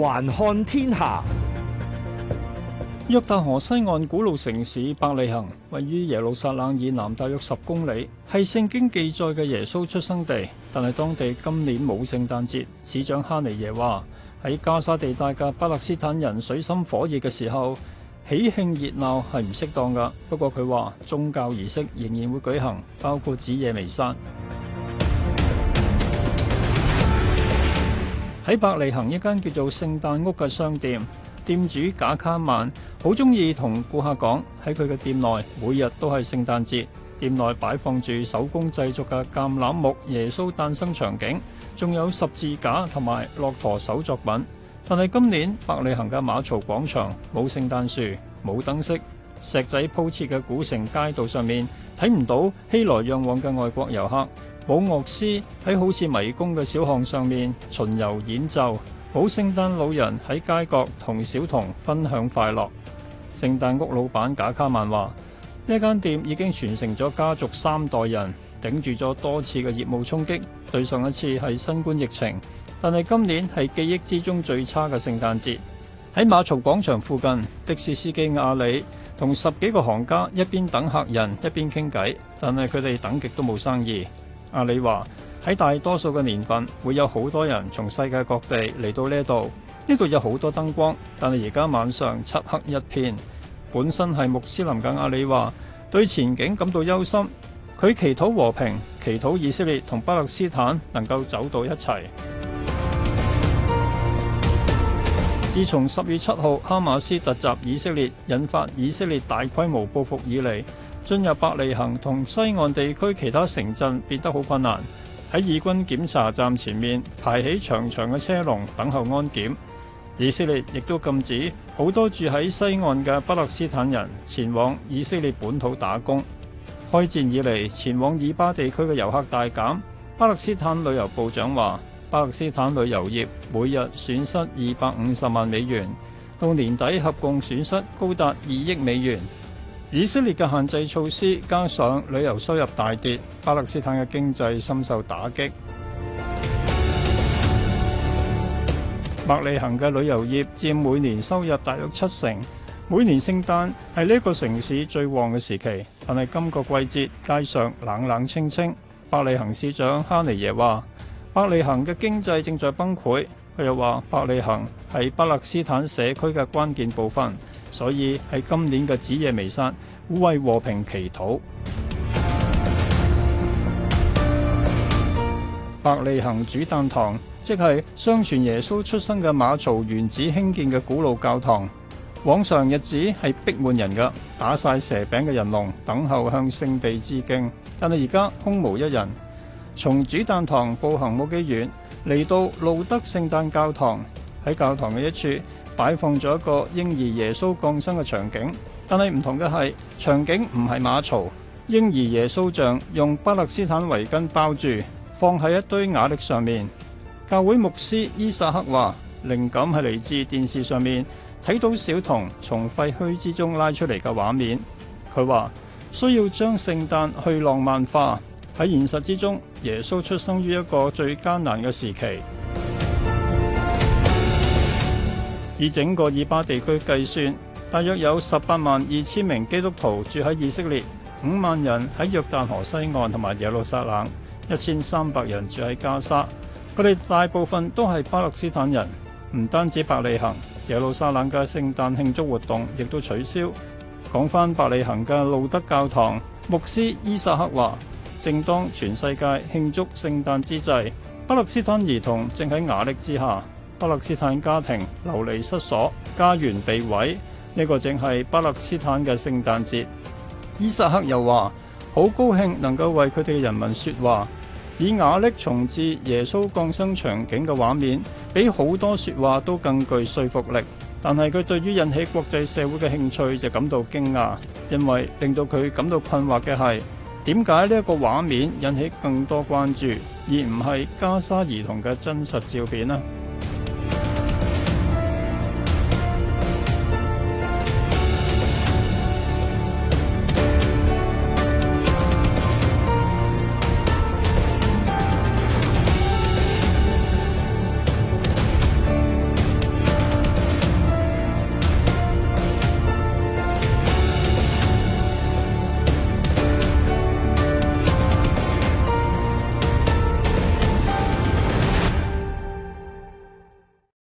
環看天下，約旦河西岸古老城市伯利恆位於耶路撒冷以南大約十公里，係聖經記載嘅耶穌出生地。但係當地今年冇聖誕節，市長哈尼耶話喺加沙地帶嘅巴勒斯坦人水深火熱嘅時候，喜慶熱鬧係唔適當噶。不過佢話宗教儀式仍然會舉行，包括子夜彌撒。喺伯利恆一間叫做聖誕屋嘅商店，店主賈卡曼好鍾意同顧客講，喺佢嘅店內每日都係聖誕節，店內擺放住手工製作嘅橄欖木耶穌誕生場景，仲有十字架同埋駱駝手作品。但係今年伯利恆嘅馬槽廣場冇聖誕樹、冇燈飾，石仔鋪設嘅古城街道上面睇唔到熙來攘往嘅外國遊客。冇樂師喺好似迷宮嘅小巷上面巡遊演奏，冇聖誕老人喺街角同小童分享快樂。聖誕屋老板賈卡曼話：呢間店已經傳承咗家族三代人，頂住咗多次嘅業務衝擊，對上一次係新冠疫情，但係今年係記憶之中最差嘅聖誕節。喺馬槽廣場附近，的士司機亞里同十幾個行家一邊等客人，一邊傾偈，但係佢哋等極都冇生意。阿里華，喺大多數嘅年份，會有好多人從世界各地嚟到呢度。呢度有好多燈光，但係而家晚上漆黑一片。本身係穆斯林嘅阿里華，對前景感到憂心。佢祈禱和平，祈禱以色列同巴勒斯坦能夠走到一齊。自從十月七號哈馬斯突襲以色列，引發以色列大規模報復以嚟。進入伯利恆同西岸地區其他城鎮變得好困難。喺以軍檢查站前面排起長長嘅車龍，等候安檢。以色列亦都禁止好多住喺西岸嘅巴勒斯坦人前往以色列本土打工。開戰以嚟，前往以巴地區嘅遊客大減。巴勒斯坦旅遊部長話：巴勒斯坦旅遊業每日損失二百五十萬美元，到年底合共損失高達二億美元。以色列嘅限制措施，加上旅遊收入大跌，巴勒斯坦嘅經濟深受打擊。伯利恆嘅旅遊業佔每年收入大約七成，每年聖誕係呢個城市最旺嘅時期，但係今個季節街上冷冷清清。伯利恆市長哈尼耶話：伯利恆嘅經濟正在崩潰。佢又話：伯利恆係巴勒斯坦社區嘅關鍵部分。所以喺今年嘅子夜彌撒，為和平祈禱。伯利恆主誕堂，即係相傳耶穌出生嘅馬槽原址興建嘅古老教堂。往常日子係逼滿人嘅，打晒蛇餅嘅人龍等候向聖地致敬，但係而家空無一人。從主誕堂步行冇幾遠，嚟到路德聖誕教堂。喺教堂嘅一處擺放咗一個嬰兒耶穌降生嘅場景，但係唔同嘅係場景唔係馬槽，嬰兒耶穌像用巴勒斯坦圍巾包住，放喺一堆瓦礫上面。教會牧師伊薩克話：靈感係嚟自電視上面睇到小童從廢墟之中拉出嚟嘅畫面。佢話需要將聖誕去浪漫化，喺現實之中，耶穌出生於一個最艱難嘅時期。以整個以巴地區計算，大約有十八萬二千名基督徒住喺以色列，五萬人喺約旦河西岸同埋耶路撒冷，一千三百人住喺加沙。佢哋大部分都係巴勒斯坦人，唔單止伯利恆、耶路撒冷嘅聖誕慶祝活動亦都取消。講翻伯利恆嘅路德教堂牧師伊薩克話：正當全世界慶祝聖誕之際，巴勒斯坦兒童正喺瓦礫之下。巴勒斯坦家庭流離失所，家園被毀。呢個正係巴勒斯坦嘅聖誕節。伊薩克又話：好高興能夠為佢哋人民說話，以瓦礫重置耶穌降生場景嘅畫面，比好多說話都更具說服力。但係佢對於引起國際社會嘅興趣就感到驚訝，因為令到佢感到困惑嘅係點解呢一個畫面引起更多關注，而唔係加沙兒童嘅真實照片呢？